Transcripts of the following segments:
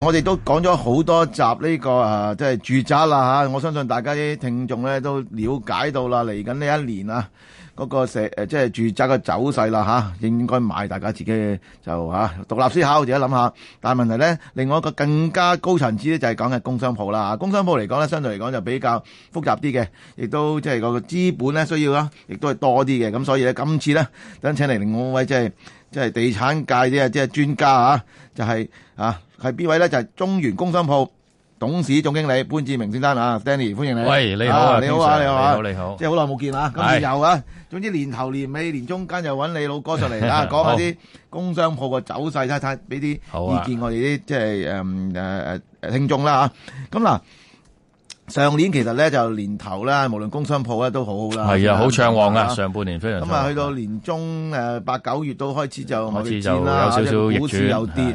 我哋都講咗好多集呢、這個啊，即、就、係、是、住宅啦吓、啊。我相信大家啲聽眾咧都了解到啦，嚟緊呢一年啊，嗰、那個社誒，即、啊、係、就是、住宅嘅走勢啦吓、啊，應該買，大家自己就吓、啊、獨立思考，自己諗下。但係問題咧，另外一個更加高層次咧，就係、是、講嘅工商鋪啦、啊。工商鋪嚟講咧，相對嚟講就比較複雜啲嘅，亦都即係、就是、個資本咧需要啦，亦都係多啲嘅。咁所以咧，今次咧，等請嚟另外一位即係即係地產界啲啊，即、就、係、是、專家啊，就係、是、啊。係邊位咧？就係、是、中原工商鋪董事總經理潘志明先生啊，Danny，歡迎你。喂，你好啊，你好啊，King Sir, 你好啊，你好！你好你好即係好耐冇見啊，咁就又啊。總之年頭、年尾、年中間就揾你老哥上嚟啦，講下啲 工商鋪嘅走勢，睇睇，俾啲意見我哋啲、啊、即係誒誒誒聽眾啦吓。咁、啊、嗱，上年其實咧就年頭啦無論工商鋪咧都好好啦，係啊，好暢旺啊，上半年非常。咁啊，去到年中誒八九月都開始就開始啦有少少逆市有啲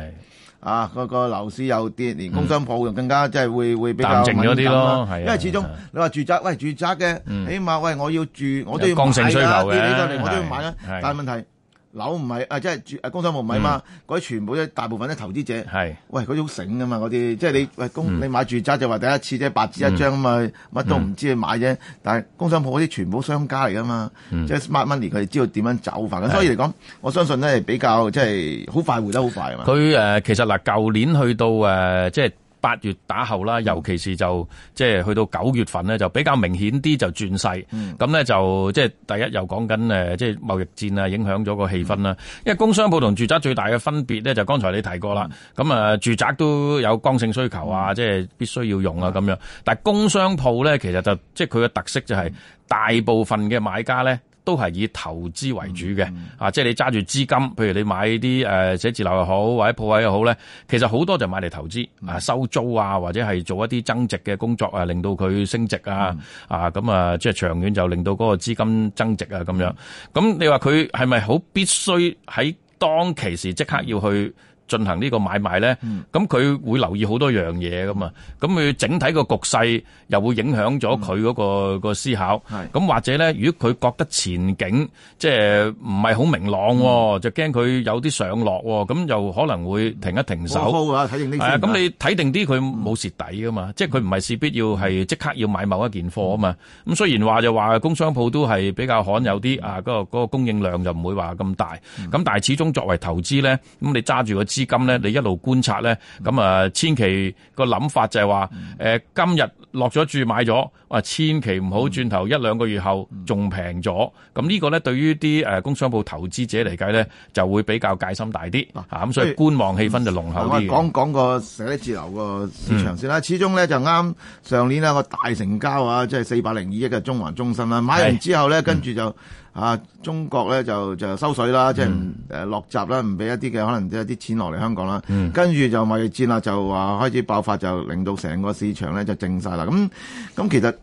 啊，個個樓市又跌，連工商鋪又更加即係會會比較靜咗啲咯。因為始終你話住宅，喂，住宅嘅、嗯，起碼喂，我要住，我都要買啦。啲呢啲嚟，我都要買啦。但係問題。樓唔係啊，即、就、係、是、住啊，工商舖唔係嘛，嗰、嗯、啲全部咧大部分啲投資者，喂嗰種醒噶嘛，嗰啲即係你喂公、嗯、你買住宅就話第一次即啫，白紙一張咁啊，乜、嗯、都唔知去買啫、嗯。但係工商鋪嗰啲全部商家嚟噶嘛，即、嗯、係、就是、smart money 佢哋知道點樣走法咁，所以嚟講，我相信咧係比較即係好快回得好快啊嘛。佢、呃、誒其實嗱，舊、呃、年去到誒即係。呃就是八月打後啦，尤其是就即係、就是、去到九月份咧，就比較明顯啲就轉勢。咁、嗯、咧就即係第一又講緊誒，即係貿易戰啊，影響咗個氣氛啦、嗯。因為工商鋪同住宅最大嘅分別咧，就剛才你提過啦。咁、嗯、啊，住宅都有剛性需求啊，即、嗯、係、就是、必須要用啊咁、嗯、樣。但工商鋪咧，其實就即係佢嘅特色就係、是嗯、大部分嘅買家咧。都係以投資為主嘅，啊，即係你揸住資金，譬如你買啲誒寫字樓又好，或者鋪位又好咧，其實好多就買嚟投資，啊，收租啊，或者係做一啲增值嘅工作啊，令到佢升值啊，啊，咁啊，即係長遠就令到嗰個資金增值啊，咁樣。咁你話佢係咪好必須喺當其時即刻要去？進行呢個買賣咧，咁佢會留意好多樣嘢噶嘛，咁佢整體個局勢又會影響咗佢嗰個個思考。咁或者咧，如果佢覺得前景即係唔係好明朗，就驚佢有啲上落，咁又可能會停一停手。睇定啲先。咁你睇定啲，佢冇蝕底噶嘛，即係佢唔係事必要係即刻要買某一件貨啊嘛。咁雖然話就話工商鋪都係比較罕有啲，啊嗰個嗰個供應量就唔會話咁大。咁但係始終作為投資咧，咁你揸住個。資金咧，你一路觀察咧，咁、嗯、啊，千祈個諗法就係話，誒、嗯、今日落咗注買咗，哇，千祈唔好轉頭、嗯、一兩個月後仲平咗。咁呢個咧，對於啲誒工商舖投資者嚟計咧，就會比較戒心大啲嚇。咁、啊、所，所以觀望氣氛就濃厚啲。講講個寫字樓個市場先啦。始終咧就啱上年啊個大成交啊，即係四百零二億嘅中環中心啦。買完之後咧、嗯，跟住就。啊！中國咧就就收水啦，即係誒落閘啦，唔俾一啲嘅可能即係一啲錢落嚟香港啦、嗯。跟住就貿易戰啦，就話、啊、開始爆發，就令到成個市場咧就靜晒啦。咁咁其實。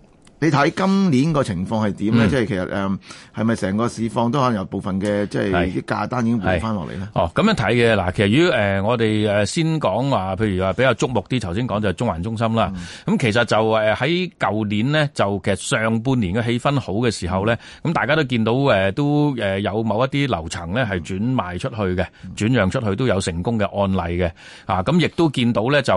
你睇今年個情況係點咧？即係其實誒係咪成個市況都可能有部分嘅即係啲價單已經回翻落嚟咧？哦，咁樣睇嘅嗱。其實如果、呃、我哋先講話，譬如話比較觸目啲，頭先講就係中環中心啦。咁、嗯、其實就誒喺舊年呢，就其實上半年嘅氣氛好嘅時候咧，咁大家都見到誒都誒有某一啲樓層咧係轉賣出去嘅、嗯，轉讓出去都有成功嘅案例嘅。嚇咁亦都見到咧就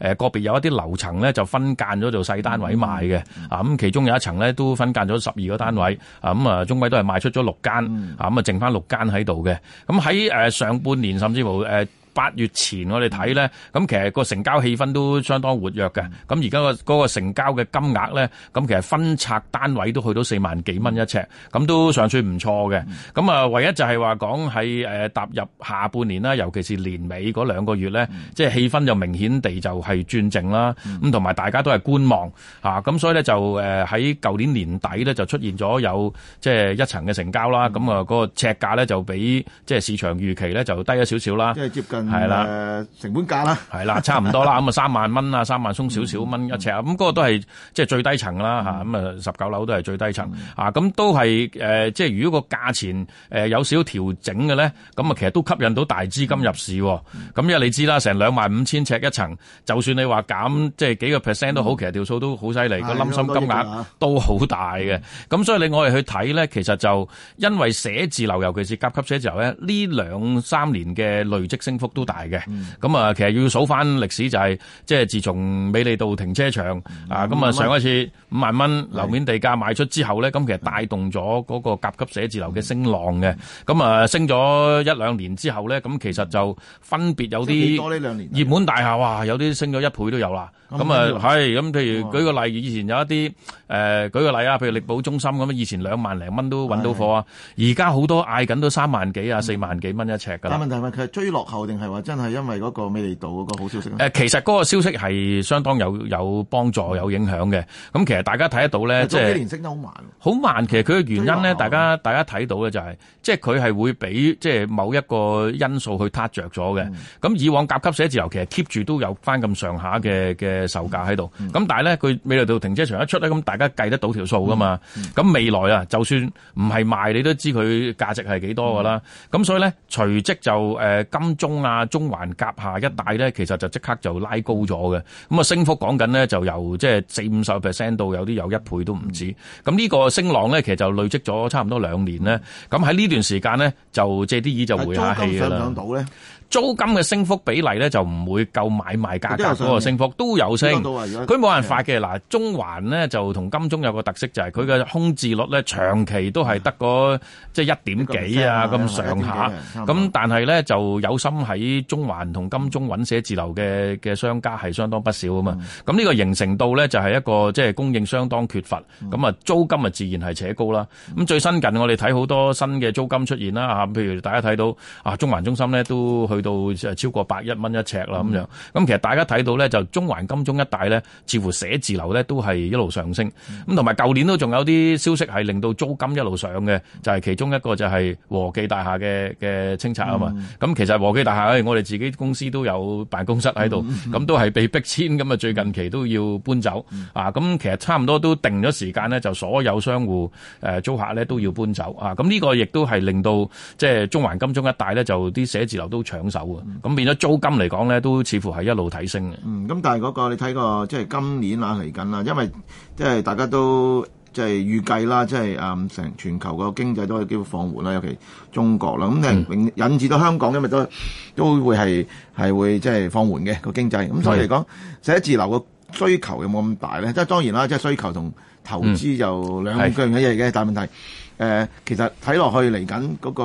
誒個別有一啲樓層咧就分間咗做細單位賣嘅。啊咁其、嗯嗯其中有一層咧，都分間咗十二個單位，咁啊，中位都係賣出咗六間，啊，咁啊，剩翻六間喺度嘅。咁喺誒上半年，甚至乎誒。八月前我哋睇咧，咁其實個成交氣氛都相當活躍嘅。咁而家個個成交嘅金額咧，咁其實分拆單位都去到四萬幾蚊一尺，咁都尚算唔錯嘅。咁、嗯、啊，唯一就係話講喺誒踏入下半年啦，尤其是年尾嗰兩個月咧，即係氣氛就明顯地就係轉靜啦。咁同埋大家都係觀望嚇，咁所以咧就誒喺舊年年底咧就出現咗有即係一層嘅成交啦。咁、嗯、啊、嗰個尺價咧就比即係市場預期咧就低咗少少啦，即、就、係、是、接近。係啦，成本價啦，係啦，差唔多啦。咁 啊，三萬蚊啊，三萬鬆少少蚊一尺啊。咁、那、嗰個都係即係最低層啦咁啊，十九樓都係最低層啊。咁都係誒、呃，即係如果個價錢誒有少調整嘅咧，咁啊，其實都吸引到大資金入市。咁、嗯、因為你知啦，成兩萬五千尺一層，就算你話減即係幾個 percent 都好，嗯、其實條數都好犀利，個冧心金額都好大嘅。咁、嗯、所以你我哋去睇咧，其實就因為寫字樓，尤其是甲級寫字樓咧，呢兩三年嘅累積升幅，都大嘅，咁啊，其實要數翻歷史就係，即係自從美利道停車場啊，咁啊上一次五萬蚊樓面地價賣出之後咧，咁其實帶動咗嗰個甲級寫字樓嘅升浪嘅，咁啊升咗一兩年之後咧，咁其實就分別有啲熱門大廈，哇，有啲升咗一倍都有啦，咁啊係，咁譬如舉個例，以前有一啲誒舉個例啊，譬如力寶中心咁啊，以前兩萬零蚊都揾到貨啊，而家好多嗌緊都三萬幾啊、四萬幾蚊一尺㗎啦。但係問題係咪其實追落後定？係話真係因為嗰個美利道嗰個好消息啊！其實嗰個消息係相當有有幫助、有影響嘅。咁其實大家睇得到咧，即、就、係、是就是、幾年升得好慢，好慢。其實佢嘅原因咧，大家大家睇到咧就係、是，即係佢係會俾即係某一個因素去撻着咗嘅。咁、嗯、以往甲級寫字樓其實 keep 住都有翻咁上下嘅嘅售價喺度。咁、嗯、但係咧，佢美利道停車場一出咧，咁大家計得到條數㗎嘛？咁、嗯嗯、未來啊，就算唔係賣，你都知佢價值係幾多㗎啦。咁、嗯、所以咧，隨即就誒、呃、金鐘啊～啊！中環、甲廈一帶咧，其實就即刻就拉高咗嘅，咁啊升幅講緊咧，就由即係四五十 percent 到有啲有一倍都唔止，咁、嗯、呢個升浪咧，其實就累積咗差唔多兩年咧，咁喺呢段時間咧，就借啲嘢就回下氣啦。想唔想到咧？租金嘅升幅比例咧，就唔會夠買賣價格嗰個升幅，都有升，佢冇辦法嘅嗱。中環咧就同金鐘有個特色，就係佢嘅空置率咧長期都係得個即係一點幾啊咁上下，咁但係咧，就有心喺中環同金鐘揾寫字樓嘅嘅商家係相當不少啊嘛。咁呢個形成度咧就係一個即係供應相當缺乏，咁啊租金啊自然係扯高啦。咁最新近我哋睇好多新嘅租金出現啦，啊譬如大家睇到啊中環中心咧都去。去到超過百一蚊一尺啦咁樣，咁、嗯、其實大家睇到呢，就中環金鐘一帶呢，似乎寫字樓呢都係一路上升，咁同埋舊年都仲有啲消息係令到租金一路上嘅，就係、是、其中一個就係和記大廈嘅嘅清拆啊嘛，咁、嗯、其實和記大廈我哋自己公司都有辦公室喺度，咁、嗯、都係被逼遷，咁啊最近期都要搬走啊，咁、嗯、其實差唔多都定咗時間呢，就所有商戶誒租客呢都要搬走啊，咁、這、呢個亦都係令到即係中環金鐘一帶呢，就啲寫字樓都搶。手、嗯、咁變咗租金嚟講咧，都似乎係一路提升嘅。嗯，咁但係嗰個你睇個，過即係今年啊嚟緊啦，因為即係大家都即係預計啦，即係啊成全球個經濟都係幾乎放緩啦，尤其中國啦，咁、嗯、令、嗯、引致到香港，因為都都會係係會即係放緩嘅個經濟。咁所以嚟講，寫字樓個需求又冇咁大咧。即係當然啦，即係需求同投資、嗯、就兩樣嘅嘢嘅大問題。誒、呃，其實睇落去嚟緊嗰個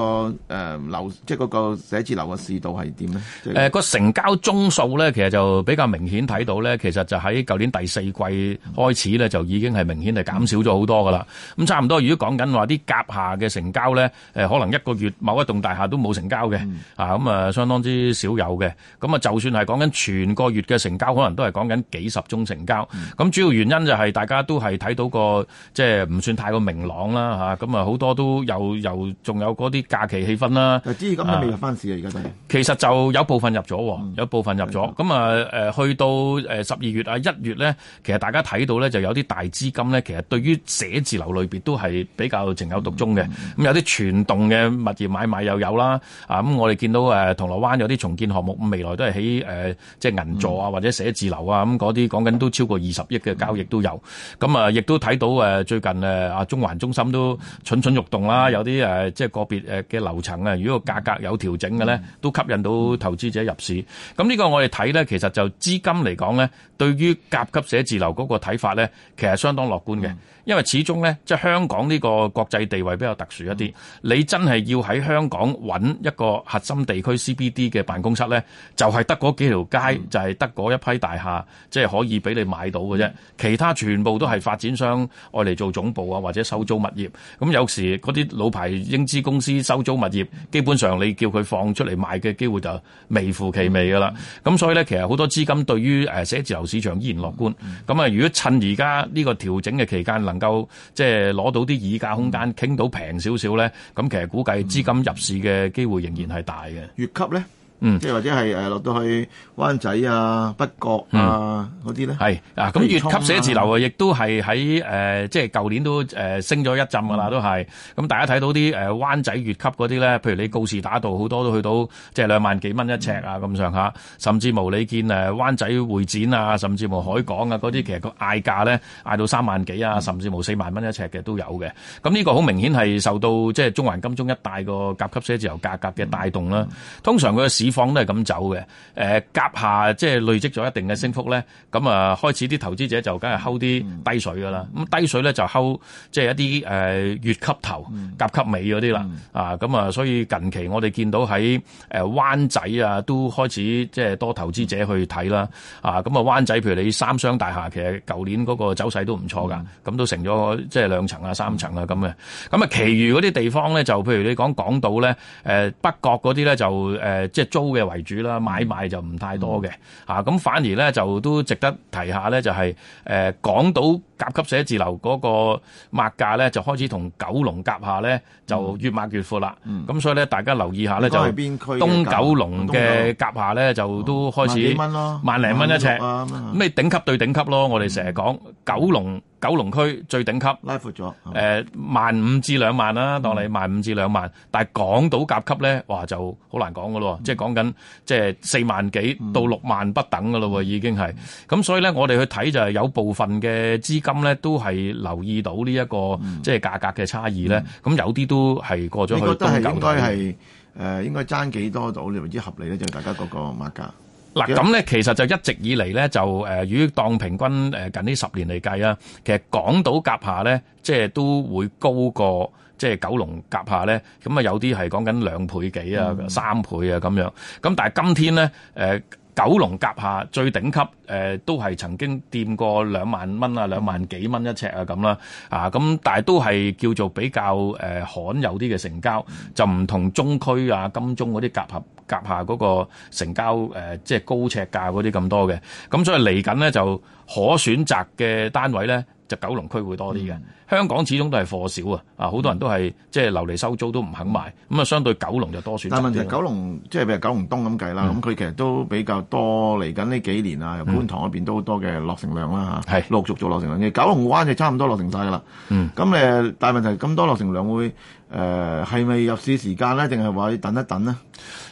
誒樓、呃，即係嗰個寫字樓嘅市道係點咧？誒、呃，個成交宗數咧，其實就比較明顯睇到咧。其實就喺舊年第四季開始咧，就已經係明顯係減少咗好多㗎喇。咁、嗯、差唔多，如果講緊話啲甲廈嘅成交咧，可能一個月某一棟大廈都冇成交嘅、嗯，啊，咁、嗯、啊，相當之少有嘅。咁啊，就算係講緊全個月嘅成交，可能都係講緊幾十宗成交。咁、嗯、主要原因就係、是、大家都係睇到個即係唔算太過明朗啦，嚇咁啊。嗯好多都又又仲有嗰啲假期氣氛啦。啲資金都未入翻市啊，而家都。其實就有部分入咗，有部分入咗。咁啊誒，去到誒十二月啊一月咧，其實大家睇到咧，就有啲大資金咧，其實對於寫字樓類別都係比較情有獨鍾嘅。咁、嗯嗯嗯、有啲全棟嘅物業買賣又有啦。啊咁、嗯，我哋見到誒、呃、銅鑼灣有啲重建項目未來都係喺誒即係銀座啊或者寫字樓啊咁，嗰啲講緊都超過二十億嘅交易都有。咁、嗯嗯嗯嗯、啊，亦都睇到誒、啊、最近誒啊中環中心都。蠢蠢欲動啦，有啲誒，即係個別誒嘅樓層啊，如果個價格有調整嘅咧，都吸引到投資者入市。咁呢個我哋睇咧，其實就資金嚟講咧，對於甲級寫字樓嗰個睇法咧，其實相當樂觀嘅。因為始終呢，即係香港呢個國際地位比較特殊一啲。你真係要喺香港揾一個核心地區 CBD 嘅辦公室呢，就係得嗰幾條街，就係得嗰一批大廈，即係可以俾你買到嘅啫。其他全部都係發展商愛嚟做總部啊，或者收租物業。咁有時嗰啲老牌英資公司收租物業，基本上你叫佢放出嚟賣嘅機會就微乎其微噶啦。咁所以呢，其實好多資金對於誒寫字樓市場依然樂觀。咁啊，如果趁而家呢個調整嘅期間能夠即係攞到啲議價空間，傾到平少少咧，咁其實估計資金入市嘅機會仍然係大嘅。越、嗯、級咧？嗯，即係或者係落到去灣仔啊、北角啊嗰啲咧，係啊咁乙級寫字樓啊，亦都係喺誒即係舊年都誒、呃、升咗一陣噶啦，都係咁、嗯嗯、大家睇到啲誒、呃、灣仔乙級嗰啲咧，譬如你告士打道好多都去到即係兩萬幾蚊一尺啊咁上下，甚至無你見誒灣仔會展啊，甚至無海港啊嗰啲，其實個嗌價咧嗌到三萬幾啊、嗯，甚至無四萬蚊一尺嘅都有嘅。咁呢個好明顯係受到即係中環金鐘一帶個甲級寫字樓價格嘅帶動啦、嗯嗯。通常佢個市。方都係咁走嘅，誒、呃、夾下即係累積咗一定嘅升幅咧，咁、嗯、啊開始啲投資者就梗係睺啲低水㗎啦，咁、嗯、低水咧就睺即係一啲誒、呃、乙級頭、甲級尾嗰啲啦，啊、嗯、咁啊，所以近期我哋見到喺誒灣仔啊，都開始即係多投資者去睇啦，啊咁啊灣仔譬如你三湘大廈，其實舊年嗰個走勢都唔錯㗎，咁都成咗即係兩層啊、三層啊咁嘅，咁啊，其餘嗰啲地方咧，就譬如你講港島咧，誒、呃、北角嗰啲咧就誒、呃、即係，租嘅為主啦，買賣就唔太多嘅嚇，咁、嗯啊、反而咧就都值得提下咧，就係、是、誒、呃、港島甲級寫字樓嗰個物價咧，就開始同九龍夾下咧，就越買越闊啦。咁、嗯啊、所以咧，大家留意一下咧、嗯，就是、東九龍嘅夾下咧，就都開始萬幾蚊咯，萬零蚊一尺。咁、嗯、你頂級對頂級咯，我哋成日講九龍。九龍區最頂級拉闊咗，呃，萬五至兩萬啦，啊，當你萬五至兩萬。嗯，但係港島甲級咧，話就好難講噶咯，即係講緊即係四萬幾到六萬不等噶咯，已經係。咁，嗯，所以咧，我哋去睇就係有部分嘅資金咧，都係留意到呢、這、一個即係價格嘅差異咧。咁，嗯，有啲都係過咗去。你覺得係應該係誒應該爭幾，呃、多到，你認為合理咧？就大家個個碼價。嗱咁咧，其實就一直以嚟咧，就誒，如果當平均誒近呢十年嚟計啊，其實港島夾下咧，即係都會高過即係九龍夾下咧，咁啊有啲係講緊兩倍幾啊、三倍啊咁樣，咁但係今天咧誒。九龍夾下最頂級，誒、呃、都係曾經掂過兩萬蚊啊，兩萬幾蚊一尺啊咁啦，啊咁，但係都係叫做比較誒、呃、罕有啲嘅成交，就唔同中區啊、金鐘嗰啲夾合夾下嗰個成交誒、呃，即係高尺價嗰啲咁多嘅，咁、啊、所以嚟緊咧就可選擇嘅單位咧。就是，九龍區會多啲嘅，嗯、香港始終都係貨少啊！啊，好多人都係即係留嚟收租都唔肯賣，咁啊相對九龍就多選。但係問題九龍，即係譬如九龍東咁計啦，咁、嗯、佢其實都比較多嚟緊呢幾年啊，由觀塘嗰邊都好多嘅落成量啦吓，係陸續做落成量，其、嗯、實九龍灣就差唔多落成晒啦。嗯、咁誒，大問題咁多落成量會。誒係咪入市時間咧，定係話要等一等呢？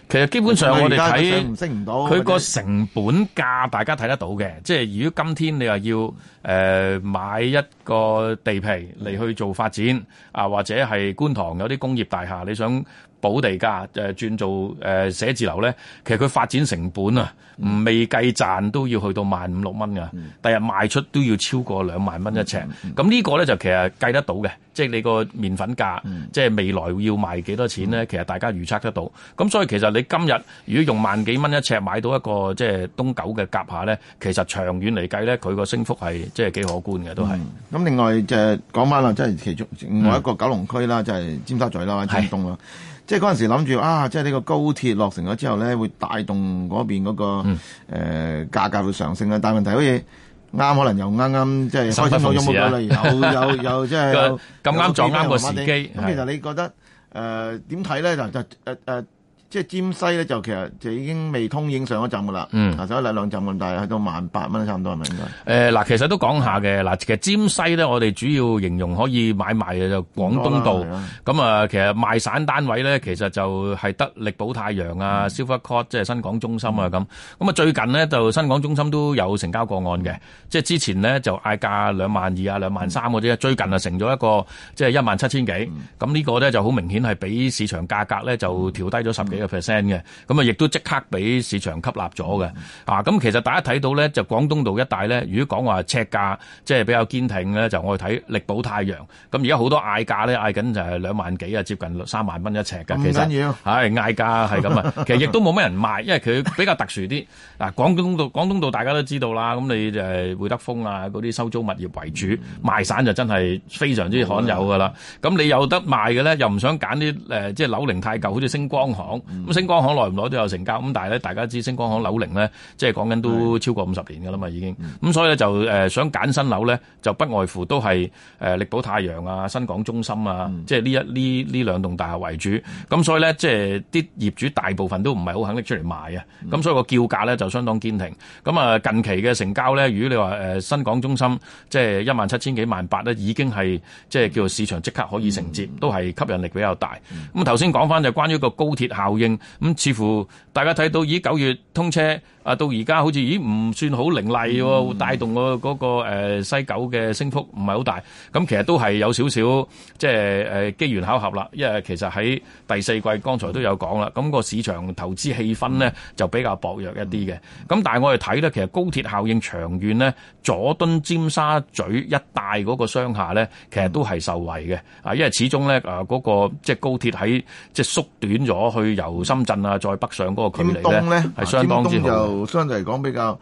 其實基本上我哋睇佢個成本價，大家睇得到嘅。即係如果今天你話要誒、呃、買一個地皮嚟去做發展啊，或者係觀塘有啲工業大廈，你想保地價誒轉做誒寫字樓咧，其實佢發展成本啊、嗯，未計賺都要去到萬五六蚊噶，第日賣出都要超過兩萬蚊一尺。咁、嗯嗯、呢個咧就其實計得到嘅，即、就、係、是、你個麵粉價，嗯、即係未來要賣幾多錢咧、嗯，其實大家預測得到。咁所以其實你今日如果用萬幾蚊一尺買到一個即係東九嘅甲廈咧，其實長遠嚟計咧，佢個升幅係即係幾可觀嘅，都係。咁、嗯、另外就係、講翻啦，即、就、係、是、其中另外一個九龍區啦、嗯，就係、是、尖沙咀啦或者尖東啦。即係嗰陣時諗住啊，即係呢個高鐵落成咗之後咧，會帶動嗰邊嗰、嗰個、嗯呃、價格會上升啦。但係問題好似啱，可能又啱啱即係開始冇意有有 有即係咁啱撞啱個時機。咁其實你覺得誒點睇咧？就就即係尖西咧，就其實就已經未通應上一陣嘅啦。嗯，嗱，一例兩站咁大，去到萬八蚊差唔多係咪應該？嗱、呃，其實都講下嘅嗱，其實尖西咧，我哋主要形容可以買賣嘅就廣東道。咁啊、嗯嗯，其實賣散單位咧，其實就係得力寶太陽啊、嗯、Silvercord 即係新港中心啊咁。咁、嗯、啊、嗯，最近呢，就新港中心都有成交個案嘅，即係之前呢，就嗌價兩萬二啊、兩萬三嗰啲，最近啊成咗一個即係一萬七千幾。咁、嗯、呢個咧就好明顯係比市場價格咧就調低咗十幾 percent 嘅，咁啊亦都即刻俾市場吸納咗嘅，啊，咁其實大家睇到咧，就廣東道一帶咧，如果講話尺價，即係比較堅挺咧，就我哋睇力寶太陽，咁而家好多嗌價咧，嗌緊就係兩萬幾啊，接近三萬蚊一尺嘅，咁緊要，唉，嗌價係咁啊，其實亦都冇乜人賣，因為佢比較特殊啲，嗱，廣東道，廣東道大家都知道啦，咁你就係會德豐啊，嗰啲收租物業為主，賣散就真係非常之罕有噶啦，咁你有得賣嘅咧，又唔想揀啲誒，即係樓齡太舊，好似星光行。咁、嗯、星光行耐唔耐都有成交，咁但係咧，大家知星光行樓齡咧，即係講緊都超過五十年㗎啦嘛，已經，咁、嗯嗯、所以咧就誒、呃、想揀新樓咧，就不外乎都係誒、呃、力寶太陽啊、新港中心啊，嗯、即係呢一呢呢兩棟大廈為主。咁所以咧，即係啲業主大部分都唔係好肯拎出嚟賣啊。咁、嗯、所以個叫價咧就相當堅挺。咁啊，近期嘅成交咧，如果你話誒、呃、新港中心即係一萬七千幾萬八咧，已經係即係叫做市場即刻可以承接，嗯、都係吸引力比較大。咁頭先講翻就關於個高鐵效。咁似乎大家睇到，已九月通車。啊，到而家好似咦唔算好凌厲喎，會帶動嗰、嗰個、呃、西九嘅升幅唔係好大。咁其實都係有少少即係誒機緣巧合啦。因為其實喺第四季，剛才都有講啦。咁、個市場投資氣氛呢就比較薄弱一啲嘅。咁但係我哋睇咧，其實高鐵效應長遠呢，佐敦尖沙咀一帶嗰個商廈呢，其實都係受惠嘅。啊，因為始終呢，啊、誒、嗰個即係高鐵喺即係縮短咗去由深圳啊再北上嗰個距離呢，係相當之好。相對嚟講比較，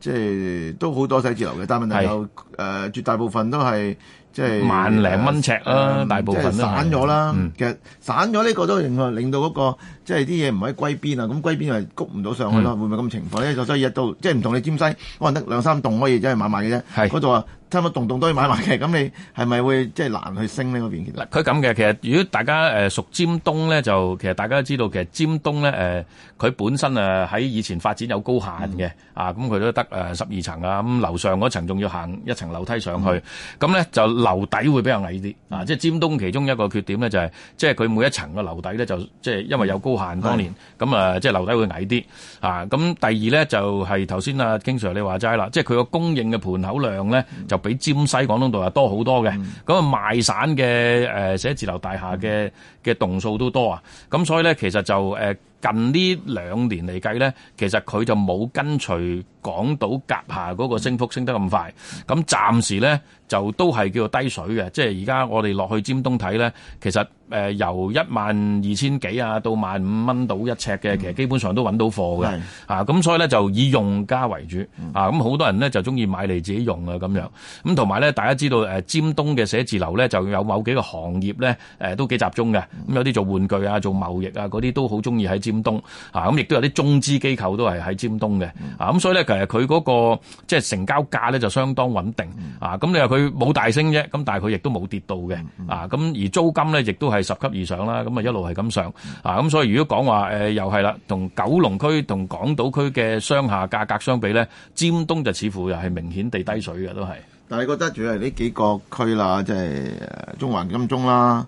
即係都好多寫字樓嘅單位，但係問題有誒、呃，絕大部分都係即係萬零蚊尺啦，大部分散咗啦，這個嗯、其實散咗呢個都令到令到嗰個。即係啲嘢唔喺歸邊啊，咁歸邊又係谷唔到上去咯、嗯，會唔會咁情況咧？就所以一到即係唔同你尖西，可能得兩三棟可以真係買賣嘅啫。嗰度啊，差唔多棟棟都要買埋嘅，咁你係咪會即係難去升呢？嗰邊其實佢咁嘅，其實如果大家誒熟尖東咧，就其實大家都知道其實尖東咧誒，佢、呃、本身啊喺以前發展有高限嘅、嗯、啊，咁佢都得誒十二層啊，咁樓上嗰層仲要行一層樓梯上去，咁、嗯、咧就樓底會比較矮啲啊。即係尖東其中一個缺點咧就係、是，即係佢每一層嘅樓底咧就即係因為有高有限，當年咁啊，即係樓底會矮啲啊。咁第二咧就係頭先啊，King Sir 你話齋啦，即係佢個供應嘅盤口量咧，就比尖西廣東道又多好多嘅。咁、嗯、啊，賣散嘅誒寫字樓大廈嘅嘅棟數都多啊。咁所以咧，其實就誒。呃近呢兩年嚟計咧，其實佢就冇跟隨港島甲下嗰個升幅升得咁快，咁暫時咧就都係叫做低水嘅，即係而家我哋落去尖東睇咧，其實誒由12、啊、15, 一萬二千幾啊到萬五蚊到一尺嘅，其實基本上都揾到貨嘅，咁、啊、所以咧就以用家為主，啊咁好多人咧就中意買嚟自己用啊咁樣，咁同埋咧大家知道誒尖東嘅寫字樓咧就有某幾個行業咧誒都幾集中嘅，咁有啲做玩具啊、做貿易啊嗰啲都好中意喺尖。尖東啊，咁亦都有啲中資機構都係喺尖東嘅啊，咁所以咧，其實佢嗰個即係成交價咧就相當穩定啊。咁你話佢冇大升啫，咁但係佢亦都冇跌到嘅啊。咁而租金咧亦都係十級以上啦，咁啊一路係咁上啊。咁所以如果講話誒又係啦，同九龍區同港島區嘅商廈價格相比咧，尖東就似乎又係明顯地低水嘅都係。但係覺得主要係呢幾個區啦，即係中環、金鐘啦。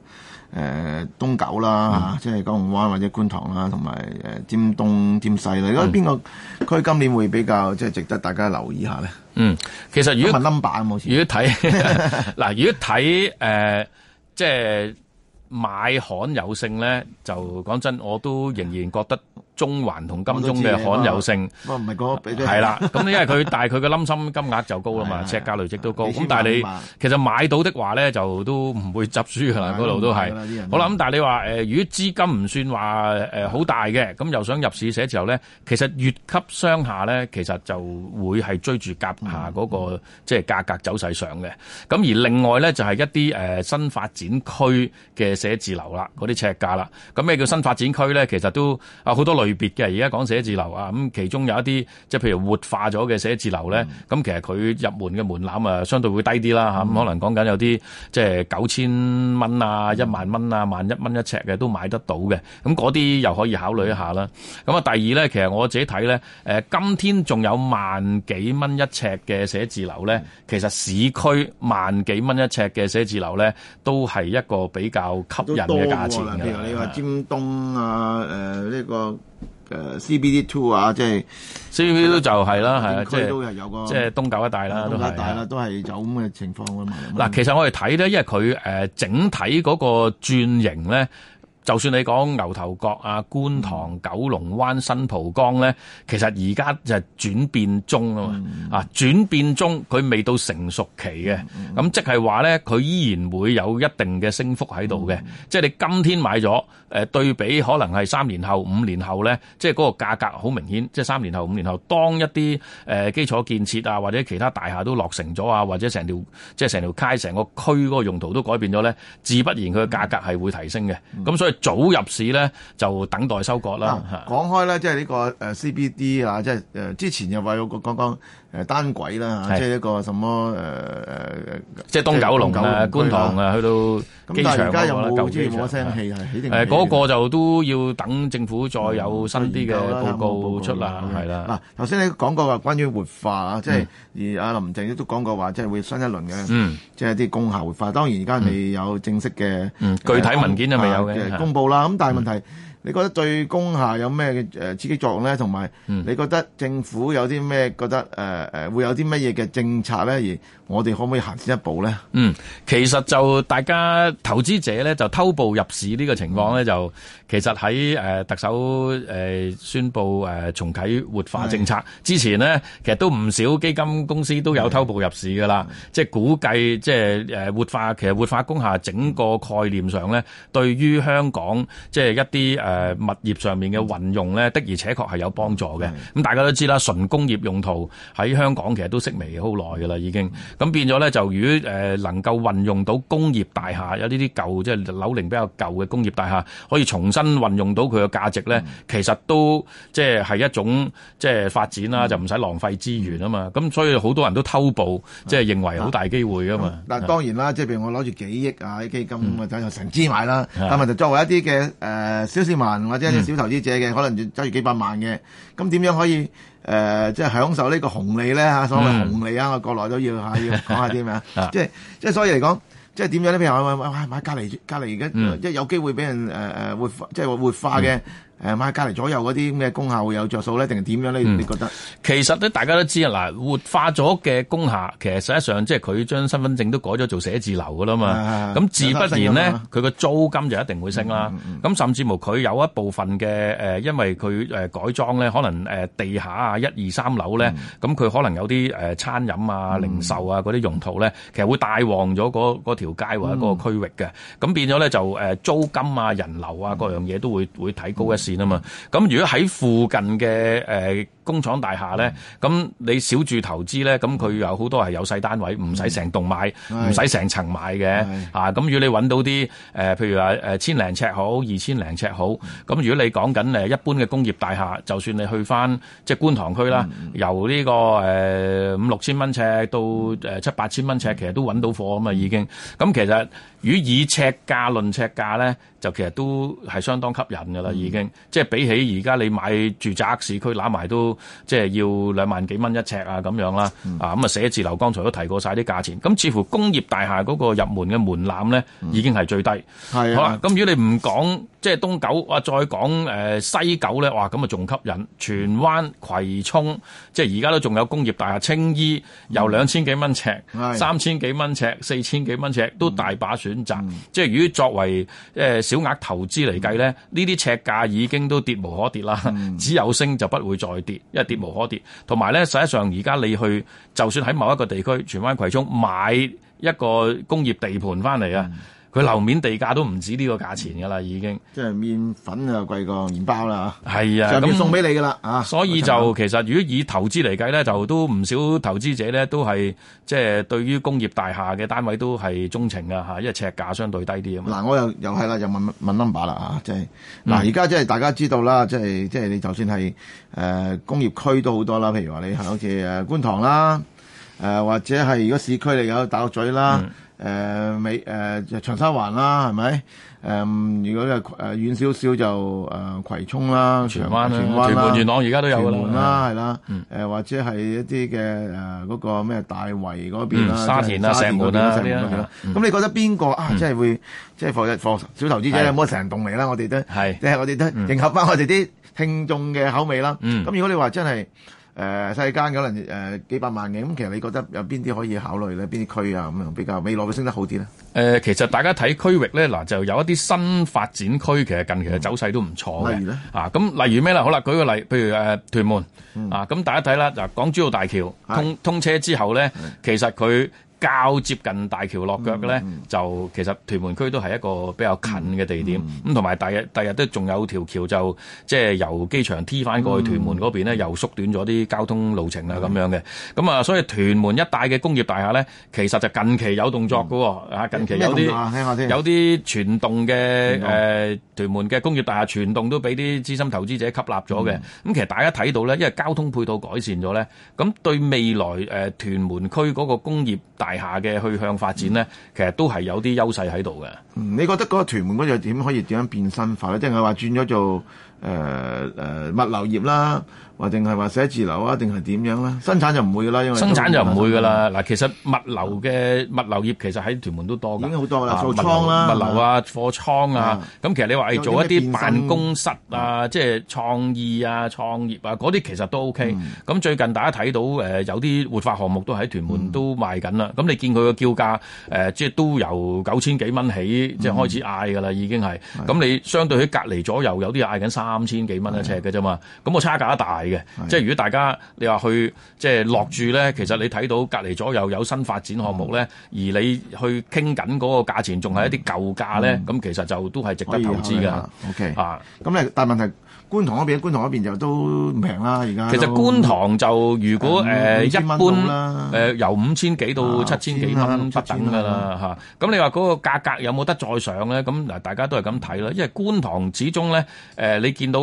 誒、呃、東九啦、嗯、即係九龍灣或者觀塘啦，同埋誒尖東、尖西啦。你覺得邊個區今年會比較即係值得大家留意一下咧？嗯，其實如果如果睇嗱，如果睇誒即係買罕有性咧，就講真，我都仍然覺得中環同金鐘嘅罕有性，係啦，咁 因為佢大，係佢嘅冧心金額就高啊嘛， 呎價累積都高。咁但係你其實買到的話咧，就都唔會執輸啦，嗰度都係。好啦，咁但係你話、呃、如果資金唔算話好、呃、大嘅，咁又想入市寫字樓咧，其實乙級商廈咧，其實就會係追住夾下嗰、那個、嗯、即係價格走勢上嘅。咁而另外咧，就係、是、一啲誒、呃、新發展區嘅寫字樓啦，嗰啲呎價啦。咁咩叫新發展區咧？其實都啊好、呃、多類別嘅，而家講寫字樓啊，咁其中有一啲即係譬如活化咗嘅寫字樓咧，咁、嗯、其實佢入門嘅門檻啊，相對會低啲啦嚇，咁可能講緊有啲即係九千蚊啊、就是、9, 一萬蚊啊、萬一蚊一尺嘅都買得到嘅，咁嗰啲又可以考慮一下啦。咁啊，第二咧，其實我自己睇咧，今天仲有萬幾蚊一尺嘅寫字樓咧、嗯，其實市區萬幾蚊一尺嘅寫字樓咧，都係一個比較吸引嘅價錢。譬如你話尖東啊，呢、呃呢個。Uh, CBD Two 啊，即係 CBD 都就係、是、啦，係啦、就是，即係都有即、就是、東九一帶啦，東九一帶啦，都係有咁嘅情況㗎嘛。嗱、啊嗯，其實我哋睇咧，因為佢、呃、整體嗰個轉型咧，就算你講牛頭角啊、觀塘、九龍灣、新蒲崗咧，其實而家就係轉變中啊嘛，啊轉變中，佢、嗯啊、未到成熟期嘅，咁即係話咧，佢依然會有一定嘅升幅喺度嘅，即係你今天買咗。誒對比可能係三年後、五年後咧，即係嗰個價格好明顯。即係三年後、五年後，當一啲誒基礎建設啊，或者其他大廈都落成咗啊，或者成條即係成條街、成個區嗰個用途都改變咗咧，自不然佢嘅價格係會提升嘅。咁、嗯、所以早入市咧就等待收割啦。講、嗯啊、開咧，即係呢個 CBD 啊，即係誒之前又話有個講講誒單軌啦，即係一個什麼誒誒、呃、即係東九龍啊、觀塘啊，去到機場啦、九龍。咁但係而家有冇好似嗰嗰、那個就都要等政府再有新啲嘅報告出、嗯、啦，係啦。嗱，頭先、啊、你講過話關於活化啊、嗯，即係而阿林鄭都講過話，即係會新一輪嘅、嗯，即係啲公廈活化。當然而家未有正式嘅、嗯啊、具體文件都未有嘅公佈啦。咁但係問題，嗯你覺得對工廈有咩嘅誒刺激作用咧？同埋你覺得政府有啲咩覺得誒誒、呃、會有啲乜嘢嘅政策咧？而我哋可唔可以行先一步咧？嗯，其實就大家投資者咧就偷步入市呢個情況咧就。嗯其實喺誒特首誒宣佈誒重啟活化政策之前咧，其實都唔少基金公司都有偷步入市㗎啦。即係估計即係誒活化，其實活化工廈，整個概念上咧，對於香港即係一啲誒物業上面嘅運用咧，的而且確係有幫助嘅。咁大家都知啦，純工業用途喺香港其實都式微好耐㗎啦，已經咁變咗咧。就如果誒能夠運用到工業大廈，有呢啲舊即係樓齡比較舊嘅工業大廈可以重新。運用到佢嘅價值咧，其實都即係係一種即係發展啦、嗯，就唔使浪費資源啊嘛。咁所以好多人都偷步，即、嗯、係認為好大機會噶嘛。嗱、嗯嗯嗯、當然啦，即、嗯、係譬如我攞住幾億啊啲基金啊，就用成支買啦。咁咪就作為一啲嘅誒小市民或者一啲小投資者嘅、嗯，可能就揸住幾百萬嘅，咁點樣可以誒即係享受呢個紅利咧嚇？所謂紅利啊，嗯、我國內都要嚇、嗯、要講一下啲咩啊？即係即係所以嚟講。即係點樣咧？譬如話買喂買買隔離隔離，而家即係有機會俾人誒誒、呃、活，即係活化嘅。嗯買隔離左右嗰啲咩功效會有着數咧？定係點樣咧？你覺得其實咧，大家都知啊！嗱，活化咗嘅工廈，其實實際上即係佢將身份證都改咗做寫字樓噶啦嘛。咁、啊、自不然咧，佢、啊、個租金就一定會升啦。咁、嗯嗯嗯、甚至乎佢有一部分嘅因為佢改裝咧，可能地下啊一二三樓咧，咁、嗯、佢可能有啲餐飲啊、零售啊嗰啲用途咧，其實會帶旺咗嗰條街或者嗰個區域嘅。咁、嗯、變咗咧就租金啊、人流啊各樣嘢都會會提高、嗯啊嘛，咁如果喺附近嘅誒工廠大廈咧，咁、嗯、你少住投資咧，咁佢有好多係有細單位，唔使成棟買，唔使成層買嘅，咁、啊。如果你揾到啲誒，譬如話千零尺好，二千零尺好，咁、嗯、如果你講緊一般嘅工業大廈，就算你去翻即係觀塘區啦、嗯，由呢、這個誒五六千蚊尺到七八千蚊尺，其實都揾到貨啊嘛。已經。咁、嗯、其實如以尺價論尺價咧。就其實都係相當吸引嘅啦，已經、嗯、即係比起而家你買住宅市區攬埋都即係要兩萬幾蚊一尺、嗯、啊咁樣啦，啊咁啊寫字樓剛才都提過晒啲價錢，咁似乎工業大廈嗰個入門嘅門檻呢已經係最低，嗯、好啦咁、嗯嗯、如果你唔講。即係東九，再講西九咧，哇！咁啊仲吸引，荃灣、葵涌，即係而家都仲有工業大廈，青衣由兩千幾蚊尺，三千幾蚊尺，四千幾蚊尺都大把選擇。嗯、即係如果作為小額投資嚟計咧，呢啲尺價已經都跌無可跌啦、嗯，只有升就不會再跌，因為跌無可跌。同埋咧，實際上而家你去，就算喺某一個地區，荃灣、葵、葵涌買一個工業地盤翻嚟啊！嗯佢樓面地價都唔止呢個價錢㗎啦，已經。即係麵粉就貴過麵包啦係啊，就免送俾你㗎啦、啊、所以就其實，如果以投資嚟計咧，就都唔少投資者咧，都係即係對於工業大廈嘅單位都係鍾情嘅嚇，因為尺價相對低啲啊嘛。嗱、啊，我又又係啦，又問問 number 啦即係嗱，而家即係大家知道啦，即係即係你就算係誒、呃、工業區都好多啦，譬如話你喺好似誒觀塘啦，誒、呃、或者係如果市區你有大角咀啦。嗯誒、呃、美誒長、呃、沙灣啦，係咪？誒如果誒遠少少就誒葵涌啦、荃灣啦、屯門屯門、元朗，而家都有嘅啦，係啦。誒或者係一啲嘅誒嗰個咩大圍嗰邊沙田啦、石門啦，咁你覺得邊個、嗯、啊？真係會即係放小投資者，有冇成棟嚟啦。我哋都即係我哋都，都迎合翻我哋啲聽眾嘅口味啦。咁、嗯、如果你話真係。誒、呃、世間可能誒、呃、幾百萬嘅，咁其實你覺得有邊啲可以考慮咧？邊啲區啊咁樣比較未來會升得好啲咧？誒、呃，其實大家睇區域咧，嗱、呃、就有一啲新發展區，其實近期嘅走勢都唔錯嘅、嗯。啊，咁例如咩啦？好啦，舉個例，譬如誒、呃、屯門、嗯、啊，咁大家睇啦，嗱、呃、港珠澳大橋通通車之後咧，其實佢。較接近大橋落腳嘅咧、嗯嗯，就其實屯門區都係一個比較近嘅地點。咁同埋第日第日都仲有條橋就，就即、是、係由機場 T 翻過去屯門嗰邊、嗯、又縮短咗啲交通路程啦。咁、嗯、樣嘅咁啊，所以屯門一帶嘅工業大廈咧，其實就近期有動作嘅喎、嗯、近期有啲有啲全棟嘅誒、呃、屯門嘅工業大廈全棟都俾啲資深投資者吸納咗嘅。咁、嗯、其實大家睇到咧，因為交通配套改善咗咧，咁對未來誒屯門區嗰個工業。大廈嘅去向發展咧，其實都係有啲優勢喺度嘅。嗯，你覺得嗰個屯門嗰度點可以點樣變身化咧？即係話轉咗做誒、呃呃、物流業啦。話定係話寫字樓啊，定係點樣啊？生產就唔會啦，因為生，生產就唔會噶啦。嗱，其實物流嘅物流業其實喺屯門都多，已經好多啦、啊，做倉啦、物流啊、貨倉啊。咁其實你話做一啲辦公室啊，即係創意啊、創業啊嗰啲，其實都 OK、嗯。咁最近大家睇到誒、呃、有啲活化項目都喺屯門都賣緊啦。咁、嗯、你見佢個叫價誒、呃，即係都由九千幾蚊起，嗯、即係開始嗌噶啦，已經係。咁你相對喺隔離左右有啲嗌緊三千幾蚊一尺嘅啫嘛。咁個差價大。嘅，即係如果大家你話去即係落住咧，其實你睇到隔籬左右有新發展項目咧，而你去傾緊嗰個價錢仲係一啲舊價咧，咁、嗯嗯、其實就都係值得投資噶。O K 啊，咁咧、啊 okay，啊、但問題。觀塘嗰邊，觀塘嗰邊就都唔平啦，而家。其實觀塘就如果誒、嗯、一般，誒、呃、由五千幾到七千幾蚊不等噶啦，吓、啊。咁、啊、你話嗰個價格有冇得再上咧？咁嗱，大家都係咁睇啦，因為觀塘始終咧，誒、呃、你見到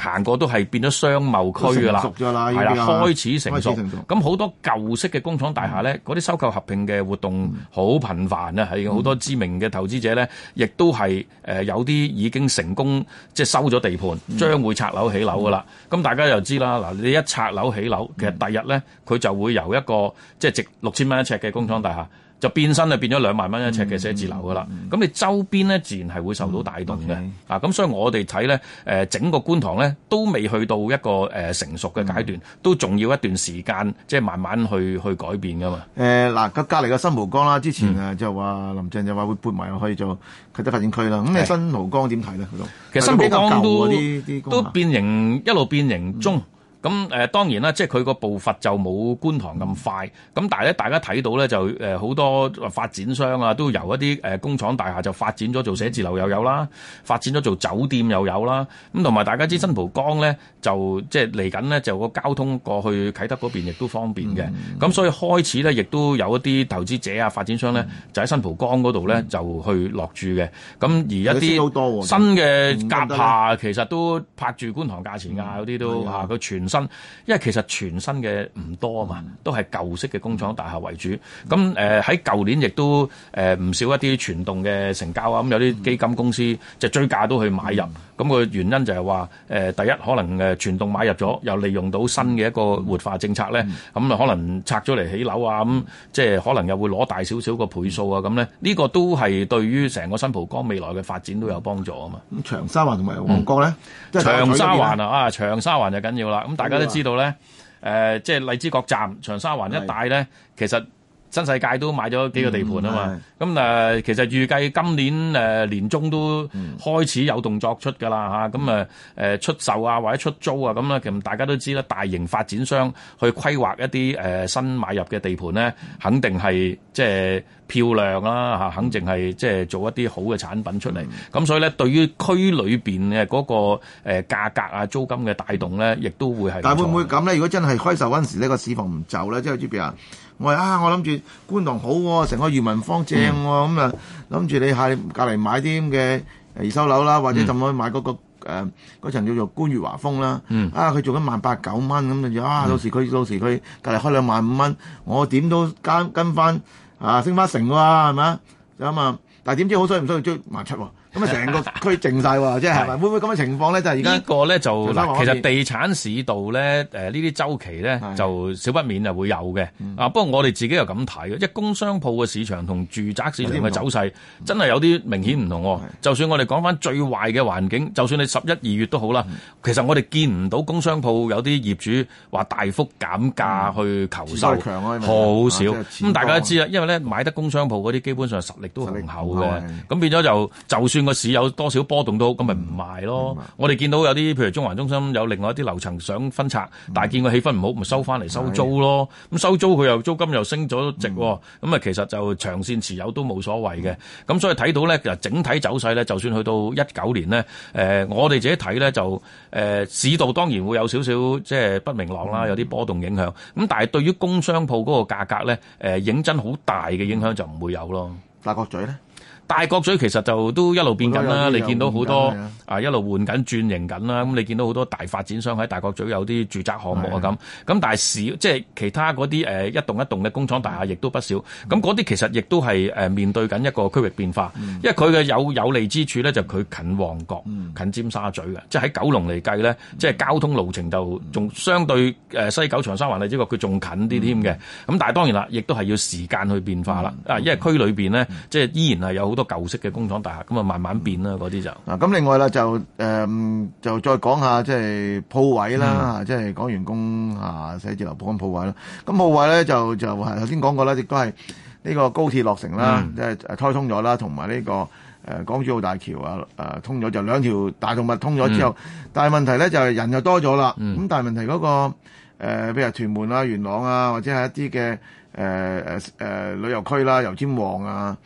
行過都係變咗商貿區噶啦，係啦，開始成熟，咁好多舊式嘅工廠大廈咧，嗰、嗯、啲收購合併嘅活動好頻繁啊，係、嗯、好多知名嘅投資者咧，亦都係誒、呃、有啲已經成功即係收咗地盤將將會拆樓起樓㗎啦，咁大家又知啦。嗱，你一拆樓起樓，其實第日咧，佢就會由一個即係、就是、值六千蚊一尺嘅工廠大廈，就變身啊，變咗兩萬蚊一尺嘅寫字樓噶啦。咁、嗯、你、嗯、周邊咧，自然係會受到帶動嘅。嗯 okay. 啊，咁所以我哋睇咧，整個觀塘咧都未去到一個成熟嘅階段，嗯、都仲要一段時間，即係慢慢去去改變噶嘛。誒、呃、嗱，隔隔離嘅新蒲崗啦，之前就話林鄭就話會撥埋去可以做啟德發展區啦。咁、嗯、你新蒲崗點睇咧？其實新蒲崗都都變形,都都變形一路變形中。嗯咁誒、呃、當然啦，即係佢個步伐就冇觀塘咁快。咁但係咧，大家睇到咧就誒好、呃、多發展商啊，都由一啲誒、呃、工廠大廈就發展咗做寫字樓又有啦，發展咗做酒店又有啦。咁同埋大家知新蒲崗咧，就即係嚟緊咧就個交通過去啟德嗰邊亦都方便嘅。咁、嗯嗯、所以開始咧，亦都有一啲投資者啊、發展商咧、嗯、就喺新蒲崗嗰度咧就去落注嘅。咁而一啲新嘅夾下、嗯嗯、其實都拍住觀塘價錢啊，有啲都吓佢、嗯嗯啊、全。新，因為其實全新嘅唔多啊嘛，都係舊式嘅工廠大廈為主。咁誒喺舊年亦都誒唔、呃、少一啲全幢嘅成交啊，咁、嗯嗯、有啲基金公司就追價都去買入。咁、嗯嗯，個原因就係話誒第一可能誒全幢買入咗，又利用到新嘅一個活化政策咧，咁、嗯、啊、嗯嗯嗯、可能拆咗嚟起樓啊，咁、嗯、即係可能又會攞大少少個倍數啊咁咧。呢個都係對於成個新蒲崗未來嘅發展都有幫助啊嘛。咁長沙灣同埋旺角咧，長沙灣啊，啊長沙灣就緊要啦。咁大家都知道咧，誒，即係荔枝角站、長沙灣一帶咧，其實，新世界都買咗幾個地盤啊嘛，咁、嗯、其實預計今年年中都開始有動作出㗎啦嚇，咁出售啊或者出租啊咁大家都知啦，大型發展商去規劃一啲新買入嘅地盤咧，肯定係即係漂亮啦嚇，肯定係即係做一啲好嘅產品出嚟。咁、嗯、所以咧，對於區裏面嘅嗰個價格啊租金嘅帶動咧，亦都會係。但會唔會咁咧？如果真係開售嗰陣時個市況唔就咧，即係朱別啊？我啊，我諗住觀塘好喎、啊，成個裕民坊正喎、啊，咁啊諗住你喺隔離買啲咁嘅二手樓啦，或者就去買嗰，那個誒嗰，嗯呃、層叫做觀月樺峯啦。嗯、啊，佢做緊萬八九蚊咁，跟住啊、嗯、到時佢到時佢隔離開兩萬五蚊，我點都跟跟翻啊升翻成喎，係咪啊？咁啊～是但係點知好衰唔衰去追埋出喎？咁啊成個區靜晒喎，即係 會唔會咁嘅情況咧？就係而家呢個咧就其實，其實地產市道咧，誒呢啲周期咧就少不免啊會有嘅。啊，不過我哋自己又咁睇嘅，即係工商鋪嘅市場同住宅市場嘅走勢真係有啲明顯唔同喎、啊。就算我哋講翻最壞嘅環境，就算你十一二月都好啦，其實我哋見唔到工商鋪有啲業主話大幅減價去求售，好少。咁、啊就係嗯、大家都知啦，因為咧買得工商鋪嗰啲基本上實力都雄厚。咁變咗就，就算個市有多少波動都好，咁咪唔賣咯。我哋見到有啲，譬如中環中心有另外一啲樓層想分拆，但係見佢氣氛唔好，咪收翻嚟收租咯。咁收租佢又租金又升咗值，咁啊其實就長線持有都冇所謂嘅。咁所以睇到咧，其實整體走勢咧，就算去到一九年咧，誒、呃、我哋自己睇咧就誒、呃、市道當然會有少少即係不明朗啦，有啲波動影響。咁但係對於工商鋪嗰個價格咧，誒、呃、認真好大嘅影響就唔會有咯。大角咀咧？大角咀其實就都一路變緊啦，你見到好多啊一路換緊轉型緊啦，咁、嗯、你見到好多大發展商喺大角咀有啲住宅項目啊咁，咁但係少即係其他嗰啲、呃、一棟一棟嘅工廠大廈亦都不少，咁嗰啲其實亦都係、呃、面對緊一個區域變化，因為佢嘅有有利之處咧就佢近旺角、近尖沙咀嘅，即係喺九龍嚟計咧，即係交通路程就仲相對、呃、西九長沙灣嚟，之一個佢仲近啲添嘅，咁但係當然啦，亦都係要時間去變化啦，啊，因為區裏面咧即係依然係有。好多舊式嘅工廠大廈，咁啊慢慢變啦，嗰啲就嗱。咁另外啦，就誒、嗯、就再講下、就是嗯嗯就是嗯，即係鋪位啦，即係講完工廈寫字樓鋪緊鋪位啦。咁鋪位咧就就頭先講過啦，亦都係呢個高鐵落成啦，即係誒開通咗啦，同埋呢個誒港珠澳大橋啊、呃、通咗，就兩條大動脈通咗之後，嗯、但係問題咧就係人又多咗啦。咁、嗯、但係問題嗰、嗰個譬、呃、如屯門啊、元朗啊，或者係一啲嘅誒旅遊區啦、油尖旺啊。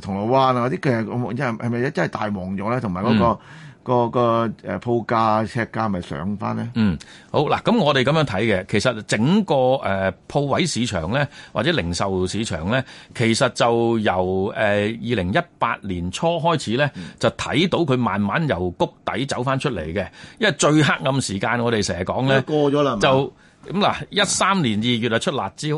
銅鑼灣啊，嗰啲其實我即係係咪真係大旺咗咧？同埋嗰個個個誒鋪價、尺價咪上翻咧？嗯，好嗱，咁我哋咁樣睇嘅，其實整個誒鋪位市場咧，或者零售市場咧，其實就由誒二零一八年初開始咧，就睇到佢慢慢由谷底走翻出嚟嘅。因為最黑暗時間，我哋成日講咧過咗啦，就。咁嗱，一三年二月啊出辣椒，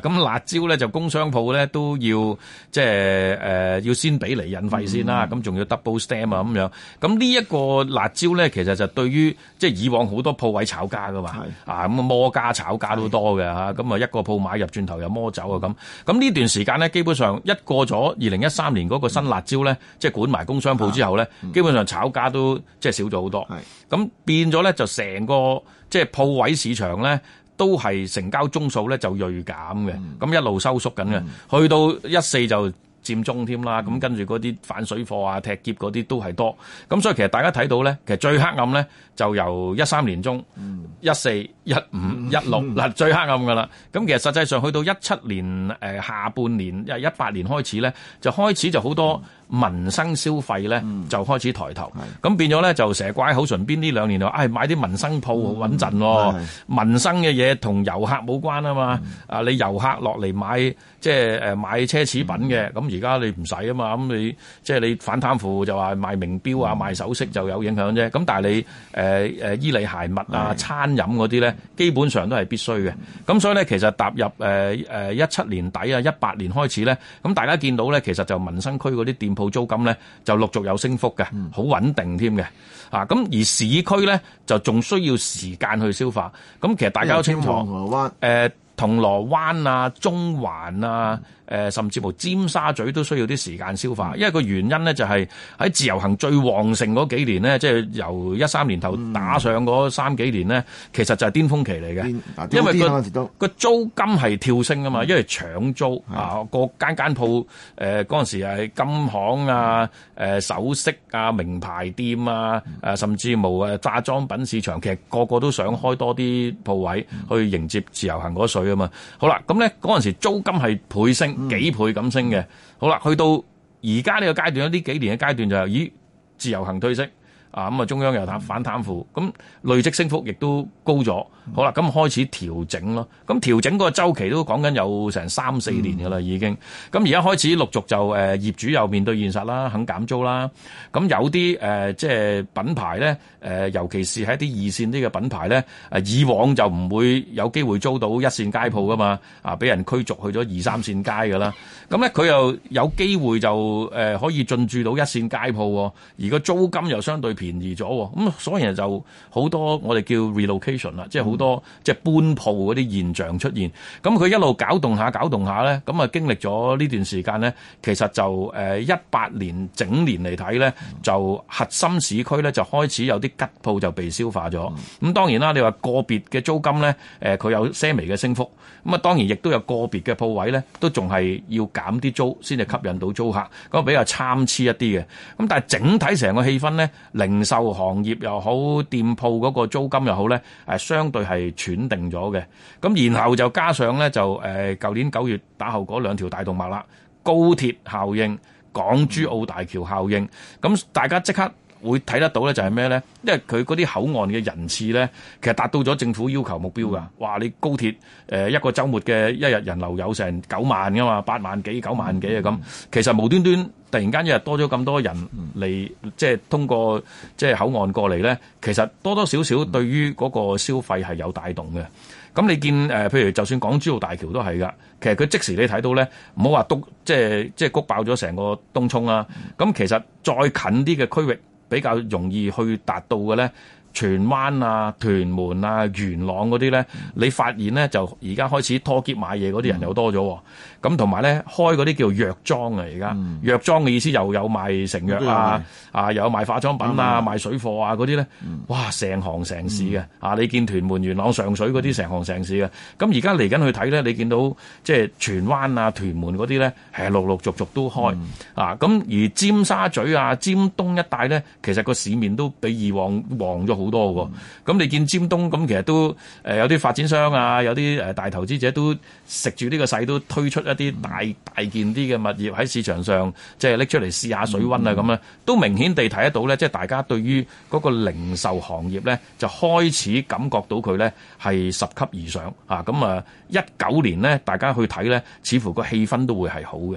咁辣椒咧就工商鋪咧都要即係誒要先俾厘印費先啦，咁、嗯、仲要 double stamp 啊咁樣。咁呢一個辣椒咧，其實就對於即係、就是、以往好多鋪位炒家噶嘛，啊咁摸家炒家都多嘅吓，咁啊一個鋪買入，轉頭又摸走啊咁。咁呢段時間咧，基本上一過咗二零一三年嗰個新辣椒咧，即、嗯、係、就是、管埋工商鋪之後咧、嗯，基本上炒家都即係、就是、少咗好多。咁變咗咧就成個。即係鋪位市場咧，都係成交宗數咧就銳減嘅，咁、嗯、一路收縮緊嘅、嗯，去到一四就佔中添啦，咁跟住嗰啲反水貨啊、踢劫嗰啲都係多，咁所以其實大家睇到咧，其實最黑暗咧就由一三年中一四一五一六嗱最黑暗㗎喇，咁其實實際上去到一七年、呃、下半年又一八年開始咧，就開始就好多。嗯民生消費咧就開始抬頭，咁變咗咧就成日掛喺口唇邊呢兩年就話，唉買啲民生鋪好穩陣喎，民生嘅嘢同遊客冇關啊嘛，啊你遊客落嚟買即係誒買奢侈品嘅，咁而家你唔使啊嘛，咁你即係你反貪腐就話賣名錶啊、賣首飾就有影響啫，咁但係你誒誒衣類鞋物啊、餐飲嗰啲咧，基本上都係必須嘅，咁所以咧其實踏入誒誒一七年底啊、一八年開始咧，咁大家見到咧其實就民生區嗰啲店。鋪租金咧就陸續有升幅嘅，好穩定添嘅。啊，咁而市區咧就仲需要時間去消化。咁其實大家都清楚，銅鑼灣誒，銅鑼灣啊、中環啊。誒、呃，甚至乎尖沙咀都需要啲時間消化，因為個原因咧就係喺自由行最旺盛嗰幾年咧，即係由一三年頭打上嗰三幾年咧、嗯，其實就係巔峰期嚟嘅、啊。因為、嗰個、啊嗰個租金係跳升啊嘛、嗯，因為搶租、嗯、啊，個間間鋪誒嗰陣時係金行啊、誒、呃、首飾啊、名牌店啊、誒、啊、甚至無誒化妝品市場其實個個都想開多啲鋪位去迎接自由行嗰水啊嘛。好啦，咁咧嗰陣時租金係倍升。幾倍咁升嘅，好啦，去到而家呢個階段，呢幾年嘅階段就係、是、咦，自由行退息。啊，咁啊中央又反貪腐，咁、嗯、累積升幅亦都高咗、嗯，好啦，咁開始調整咯。咁調整個周期都講緊有成三四年噶啦，已經。咁而家開始陸續就誒、呃、業主又面對現實啦，肯減租啦。咁、啊、有啲誒、呃、即係品牌咧，誒、呃、尤其是喺一啲二線啲嘅品牌咧，誒、啊、以往就唔會有機會租到一線街鋪噶嘛，啊俾人驅逐去咗二三線街噶啦。咁咧佢又有機會就誒、呃、可以進駐到一線街鋪，啊、而個租金又相對便便宜咗，咁所以就好多我哋叫 relocation 啦，即係好多即係搬鋪嗰啲現象出現。咁佢一路搞動下搞動下咧，咁啊經歷咗呢段時間咧，其實就誒一八年整年嚟睇咧，就核心市區咧就開始有啲吉鋪就被消化咗。咁當然啦，你話個別嘅租金咧，誒佢有些微嘅升幅。咁啊當然亦都有個別嘅鋪位咧，都仲係要減啲租先至吸引到租客，咁比較參差一啲嘅。咁但係整體成個氣氛咧，零售行業又好，店鋪嗰個租金又好咧，誒，相對係喘定咗嘅。咁然後就加上咧，就誒，舊年九月打後嗰兩條大動脈啦，高鐵效應、港珠澳大橋效應，咁大家即刻，會睇得到咧，就係咩咧？因為佢嗰啲口岸嘅人次咧，其實達到咗政府要求目標㗎、嗯。哇！你高鐵誒、呃、一個週末嘅一日人流有成九萬㗎嘛，八萬幾九萬幾啊咁。其實無端端突然間一日多咗咁多人嚟、嗯，即係通過即係口岸過嚟咧。其實多多少少對於嗰個消費係有帶動嘅。咁你見誒、呃，譬如就算港珠澳大橋都係㗎，其實佢即時你睇到咧，唔好話篤即係即係谷爆咗成個東涌啦、啊。咁、嗯、其實再近啲嘅區域，比較容易去達到嘅咧。荃灣啊、屯門啊、元朗嗰啲咧，你發現咧就而家開始拖結買嘢嗰啲人又多咗喎。咁同埋咧開嗰啲叫藥妝啊，而家、嗯、藥妝嘅意思又有賣成藥啊，嗯、啊又有賣化妝品啊、嗯、賣水貨啊嗰啲咧，哇！成行成市嘅啊！你見屯門、元朗、上水嗰啲成行成市嘅。咁而家嚟緊去睇咧，你見到即係荃灣啊、屯門嗰啲咧，係陸陸續續都開、嗯、啊。咁而尖沙咀啊、尖東一帶咧，其實個市面都比以往旺咗好好多咁，你見尖東咁，其實都誒、呃、有啲發展商啊，有啲誒大投資者都食住呢個勢，都推出一啲大、嗯、大件啲嘅物業喺市場上，即係拎出嚟試下水溫啊，咁、嗯、咧都明顯地睇得到咧，即係大家對於嗰個零售行業咧就開始感覺到佢咧係十級以上啊。咁啊，一九年咧，大家去睇咧，似乎個氣氛都會係好嘅。